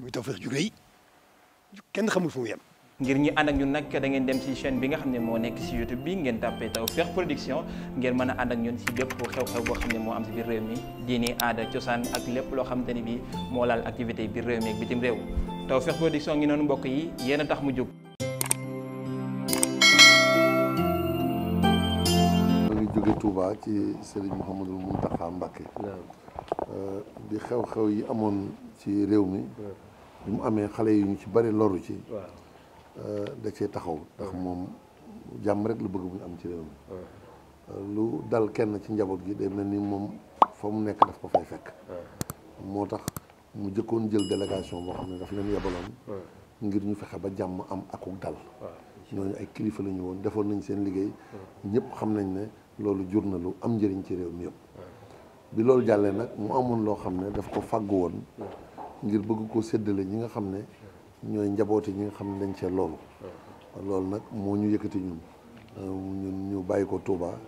muy Tawfekh ju kenn xamul fu yam ngir ñi ànd ak ñun nag da ngeen dem ci chaîne bi nga xam ne moo nekk ci YouTube bi ngeen tàppee Tawfekh Production ngeen mën a ànd ak ñun ci bépp xew-xew boo xam ne moo am ci biir réew mi diini aada cosaan ak lépp loo xamante ni bi moo laal activité biir réew mi ak bitim réew Tawfekh Production ngi noonu mbokk yi yéen a tax mu jóg. ñu jóge Touba ci Serigne Mouhamadou Mountakha Mbacké. Euh, di xew-xew yi amoon ci réew mi. bi mu amee xale yu ñu ci bari loru ci euh, da cee taxaw moom jàmm rek lu bëgg bu am ci réew mi euh, lu dal kenn ci njaboot gi de mel ni moom fa mu nekk daf ko fay fekk moo tax mu jëkkoon jël délégation boo xam ne daf leen yebaloon ngir ñu fexe ba jàmm am akuk dal ñooñu ay kilifa la ñu woon defoon nañ seen liggéey ñëpp xam nañ ne loolu jur na lu am njëriñ ci réew mi yëpp bi loolu jàllee nag mu amoon loo xam ne daf ko fàggu woon ngir bëgg koo séddale ñi nga xam ne ñooy njabooti ñi nga xam ne dañ cee loolu loolu nag moo ñu yëkkati euh, ñun ñu bàyyi ko Touba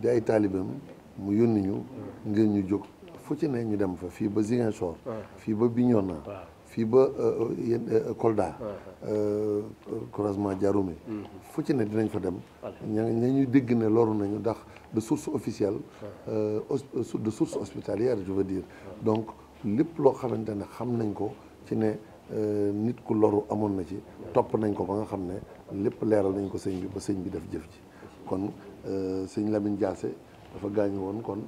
di ay taalibeem mu yónni ñu ngir ñu jóg fu ci ne ñu dem fa fii ba Ziguinchor fii ba Bignona fii ba euh, euh, Kolda croisement Diaroumé fu ci ne dinañ fa dem ña ñu dégg ne loru nañu ndax de source officielle de source hospitalière je veux dire donc lépp loo xamante ne xam nañ ko ci ne euh, nit ku loru amoon na ci topp nañ ko ba nga xam ne lépp leeral nañ ko sëñ bi ba sëñ bi def jëf ji kon euh, sëñ Lamine jaase dafa gaañu woon kon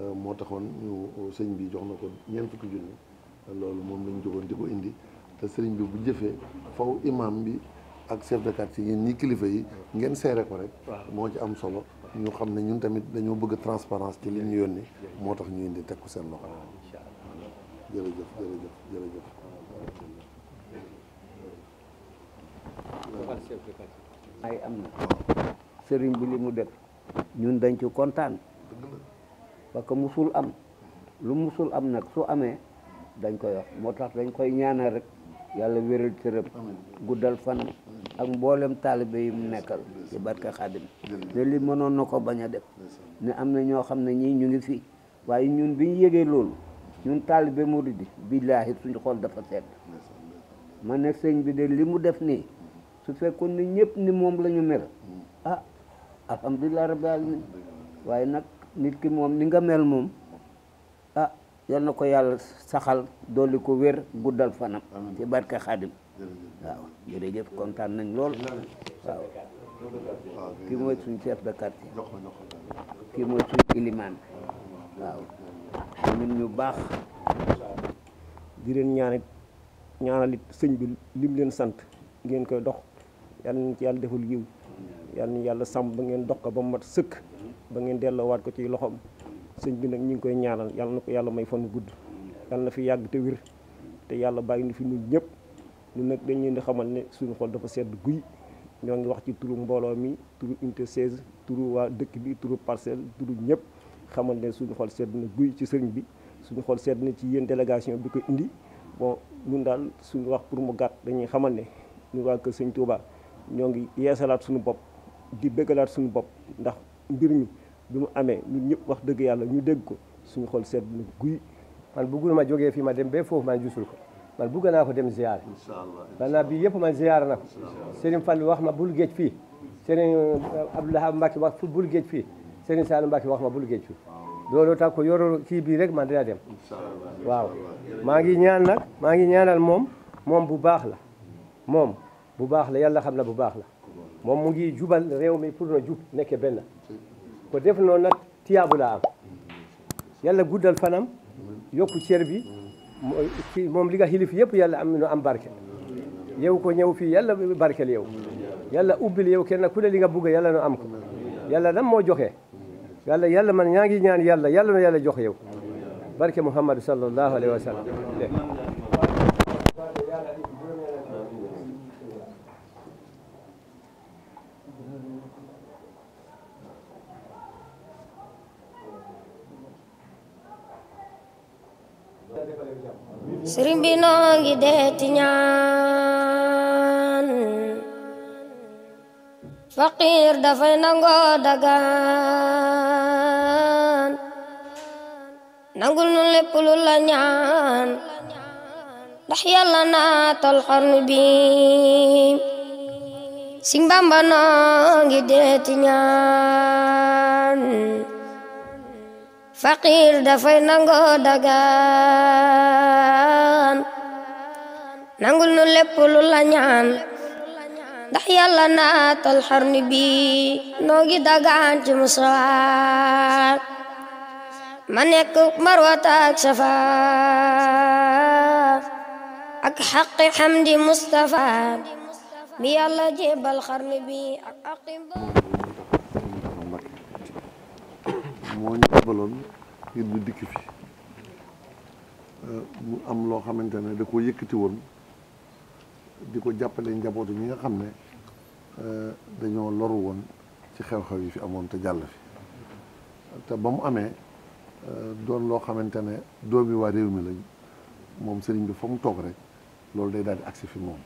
euh, moo taxoon ñu sëñ bi jox na ko ñeent fukki junni loolu moom lañ jógoon di ko indi te sëriñ bi bu jëfee fow imam bi ak chef de quartier yéen ñii kilifa yi ngeen seere ko rek moo ci am solo ñu xam ne ñun tamit dañoo bëgg transparence ci li ñu yónni moo tax ñu indi teg ko seen loxo jërëjëf jërëjëf jërëjëf am na sëriñ bi li mu def ñun dañ ci kontaan parce que musul am lu musul am nag su amee dañ koy wax moo tax dañ koy ñaanal rek yàlla wéral tërëb guddal fanam ak mboolem taalibe yi mu nekkal ci barke xaadim ne li mënoon na ko bañ a def ne am na ñoo xam ne ñii ñu ngi fii waaye ñun bi ñu yëgee loolu ñun taalibe muridi billaahi suñu xol dafa sedd ma ne sëñ bi de li mu def nii su fekkoon ni ñëpp ni moom lañu ñu mel ah alhamdulilah rabbil alamin waaye nag nit ki moom ni nga mel moom ah yal na ko yàlla saxal dolli ko wér guddal fanam ci barke xaadim waaw jërëjëf kontaan nañ lool waaw kii mooy suñ chef de quartier kii mooy suñ ilimaan waaw ñun ñu baax di leen ñaanit ñaanalit sëñ bi lim leen sant ngeen koy dox yàlla nañ ci yàlla defal yiw yàlla nañ yàlla sàmm ba ngeen dox ko ba mat sëkk ba ngeen delloo waat ko ci loxoom sëñ bi nag ñu ngi koy ñaanal yàlla na ko yàlla may fan gudd yàlla na fi yàgg te wér te yàlla bàyyi nu fi ñun ñëpp ñun nag dañ leen di xamal ne suñu xol dafa sedd guy ñoo ngi wax ci turu mbooloo mi turu unité 16 turu waa dëkk bi turu parcelle turu ñëpp xamal ne suñu xol sedd na guy ci sëriñ bi suñu xol sedd na ci yéen délégation bi ko indi bon mun daal suñu wax pour mu gàtt dañuy xamal ne ñu waa kër sëñ Touba ñoo ngi yeesalaat suñu bopp di bëggalaat suñu bopp ndax mbir mi bi mu amee ñu ñëpp wax dëgg yàlla ñu dégg ko suñu xol sedd na guy. man bëggul ma jógee fii ma dem ba foofu man gisul ko man bëgg naa ko dem ziar. incha allah maanaam bii yëpp man ziar na ko. incha allah Serigne Fall wax ma bul géej fii Serigne Abdoulaye Mbacke wax bul géej fii. Serigne Saliou Mbacké wax ma bul géccu looloo tax ko yoroo bii rek man dinaa dem waaw maa ngi ñaan nag maa ngi ñaanal moom moom bu baax la moom bu baax la yàlla xam na bu baax la moom mu ngi jubal réew mi pour na jub nekk benn ko def noonu nag tiyaabu la am yàlla guddal fanam yokku cër bi moom li nga xilif yëpp yàlla am no am barke yow ko ñëw fii yàlla barkel yow yàlla ubbil yow kenn ku ne li nga bugg yàlla no am ko yàlla nan moo joxe yàlla yàlla man ñaa ngi ñaan yàlla yàlla na yàlla jox yow barke Muhammad sallallahu alayhi wa faqiir dafay nangoo dagaan nangul nu lépp lu la ñaan ndax yàlla naatal xarnu bi Sëñ Bamba noo ngi deeti ñaan faqir dafay nangoo dagaan nangul nu lépp lu la ñaan ndax yàlla naatal xarnu noo ngi dagaan ci musaar ma nekk marwata ak safa ak xaqi xamdi mustafa yàlla jébal xarni bi ak xaqi moo ñu ngir ñu dikk fi euh, mu am loo xamante ne da ko yëkkati woon di ko jàppale njabootu ñi nga xam ne euh, dañoo loru woon ci xew-xew yi fi amoon te jàll fi te ba mu amee Euh, doon loo xamante ne doomi waa réew mi lañ moom sëriñ bi fa mu toog rek loolu day daal di agsi fi moom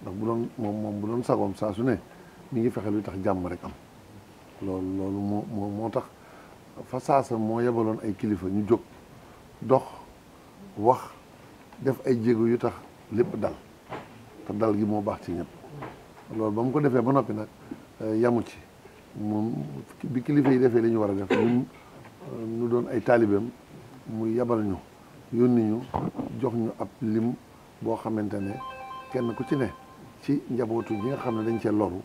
ndax bu doon moom moom bu doon sagoom saa su ne mi ngi fexe luy tax jàmm rek am loolu loolu moo moo moo tax fa saasa moo yebaloon ay kilifa ñu jóg dox wax def ay jéego yu tax lépp dal te dal gi moo baax ci ñëpp loolu ba mu ko defee ba noppi nag euh, yamu ci moom bi kilifa yi defee li ñu war a def nu doon ay taalibeem mu yabal ñu yónni ñu jox ñu ab lim boo xamante ne kenn ku ci ne ci njabootu ñi nga xam ne dañ cee loru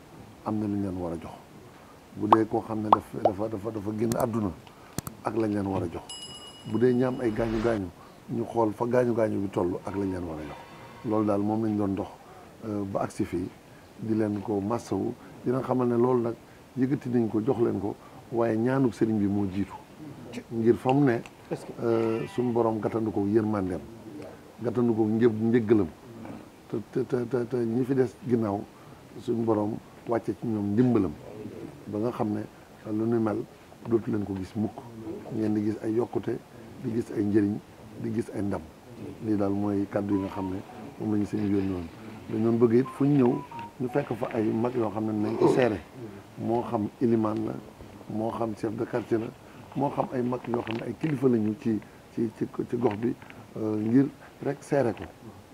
am na lu leen war a jox bu dee koo xam ne dafa génn àdduna ak lañ leen war a jox bu dee ñaam ay gaañu gaañu ñu xool fa gaañu gaañu bi toll ak lañ leen war a jox loolu daal moom lañ doon dox euh, ba agsi fii di leen ko massawu dina xamal ne loolu nag yëkkati nañ ko jox leen ko waaye ñaanu sëriñ bi moo jiitu ngir fa ne euh, suñu borom gàttandu ko yërmandeem gàttandu ko njëb njëggalam te te te te ñi fi des ginnaaw suñu borom wàcce ci ñoom ndimbalam ba nga xam ne lu nu mel dootu leen ko gis mukk ngeen di gis ay yokkute di gis ay njëriñ di gis ay ndam lii daal mooy kàddu yi nga xam ne moom lañu ñu seen yónni woon dañoon bëgg it fu ñu ñëw ñu fekk fa ay mag yoo xam ne nañ moo xam ilimaan la moo xam chef de quartier la moo xam ay mag yoo xam ne ay kilifa lañu ci ci ci ci gox bi euh, ngir rek seere ko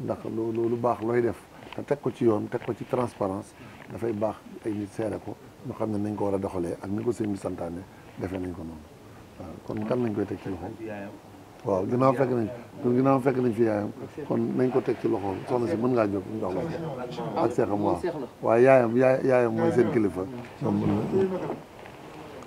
ndax loolu lu baax looy def te teg ko ci yoon teg ko ci transparence dafay baax ay nit seere ko ñoo xam ne nañ ko war a doxalee ak ni ko sëñ santaane defee nañ ko noonu kon kan nañ koy teg ci loxoom waaw ginnaaw fekk nañ kon ginnaaw fekk nañ fi yaayam kon nañ ko teg ci loxoom soxna si mën ngaa jóg ñu jox la ak seexam waaw waaye yaayam yaayam mooy seen kilifa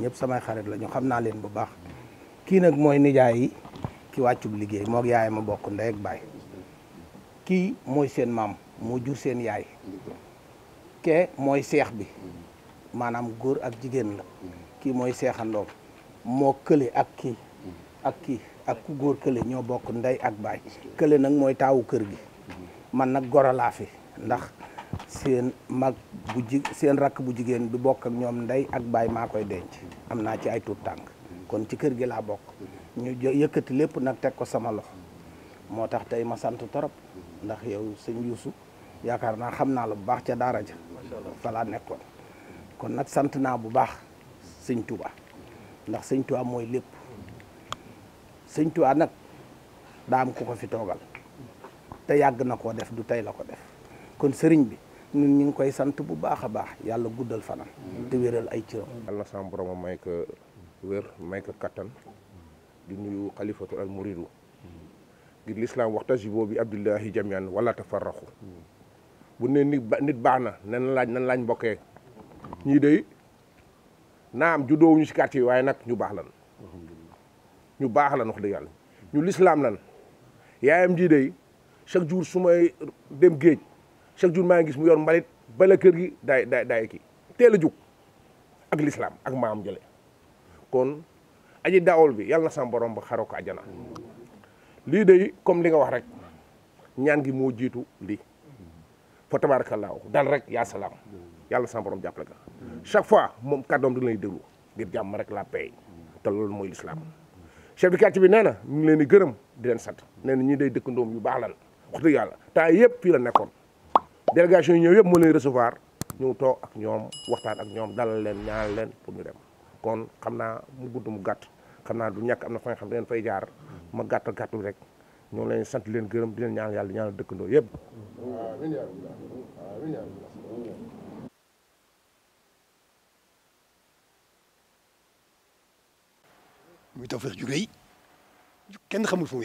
ñépp samay xarit lañu xam naa leen bu baax kii nag mooy nijaay yi ki wàccub liggéey moog yaayam a bokk ndey ak baay kii mooy seen maam moo jur seen yaay kee mooy seex bi maanaam góor ak jigéen la kii mooy seexandoom moo kële ak kii ak kii ak ku góor kële ñoo bokk ndey ak baay kële nag mooy taawu kër gi man nag goro laa fi ndax seen mag bu ji seen rakk bu jigéen du bokk ak ñoom ndey ak baay maa koy denc am naa ci ay tuut tànk kon ci kër gi la bokk ñu yëkkati lépp nag teg ko sama loxo moo tax tey ma sant torop ndax yow sëñ Yuusu yaakaar naa xam naa la bu baax ca daara ja fa nekkoon kon nag sant naa bu baax sëñ Tuubaa ndax sëñ Tuubaa mooy lépp sëñ Tuubaa nag daa am ku ko fi toogal te yàgg na koo def du tey la ko def kon sëriñ bi ñun ñu ngi koy sant bu baax a baax yàlla guddal fanam. Mm-hmm. te wéral ay ciram. yàlla na sama borom may ko wér may ko kattan di nuyu xalifatu al muridu mm-hmm. ngir lislaam waxtasibu bi abdillahi jamian wala tafarraqu mm-hmm. bu ne nit baax na nan laaj mbokkee ñii de naam juddoo ñu si quartier waaye nag ñu baax lan ñu baax lan wax dëgg yàlla ñu lislaam lan yaayam jii de chaque jour su may dem géej. chaque jour maa ngi gis mu yor mbalit bala kër gi daay daay daay kii teel a jug ak lislaam ak maam jële kon aji daawol bi yàlla na sam borom ba xaroo ko ajana lii day comme li nga wax rek ñaan gi mu jiitu lii fa tabaarakallaahu dal rek yaa salaam yàlla sam borom jàppale ka chaque fois moom kàddoom dina lay déglu ngir jàmm rek la paix te loolu mooy lislaam chef de bi nee na ñu ngi leen di gërëm di leen sant nee na ñii day dëkkandoom yu baax lan wax dëgg yàlla temps yëpp fii la nekkoon délégation yi ñëw yëpp moo leen recevoir ñu toog ak ñoom waxtaan ak ñoom dalal leen ñaanal leen pour ñu dem kon xam naa mu gudd mu gàtt xam naa du ñàkk am na fa nga xam ne leen fay jaar ma gàtt gàttu rek ñoo leen sant leen gërëm di leen ñaan yàlla ñaanal dëkkandoo yépp muy Tawfekh jugee yi kenn xamul fu mu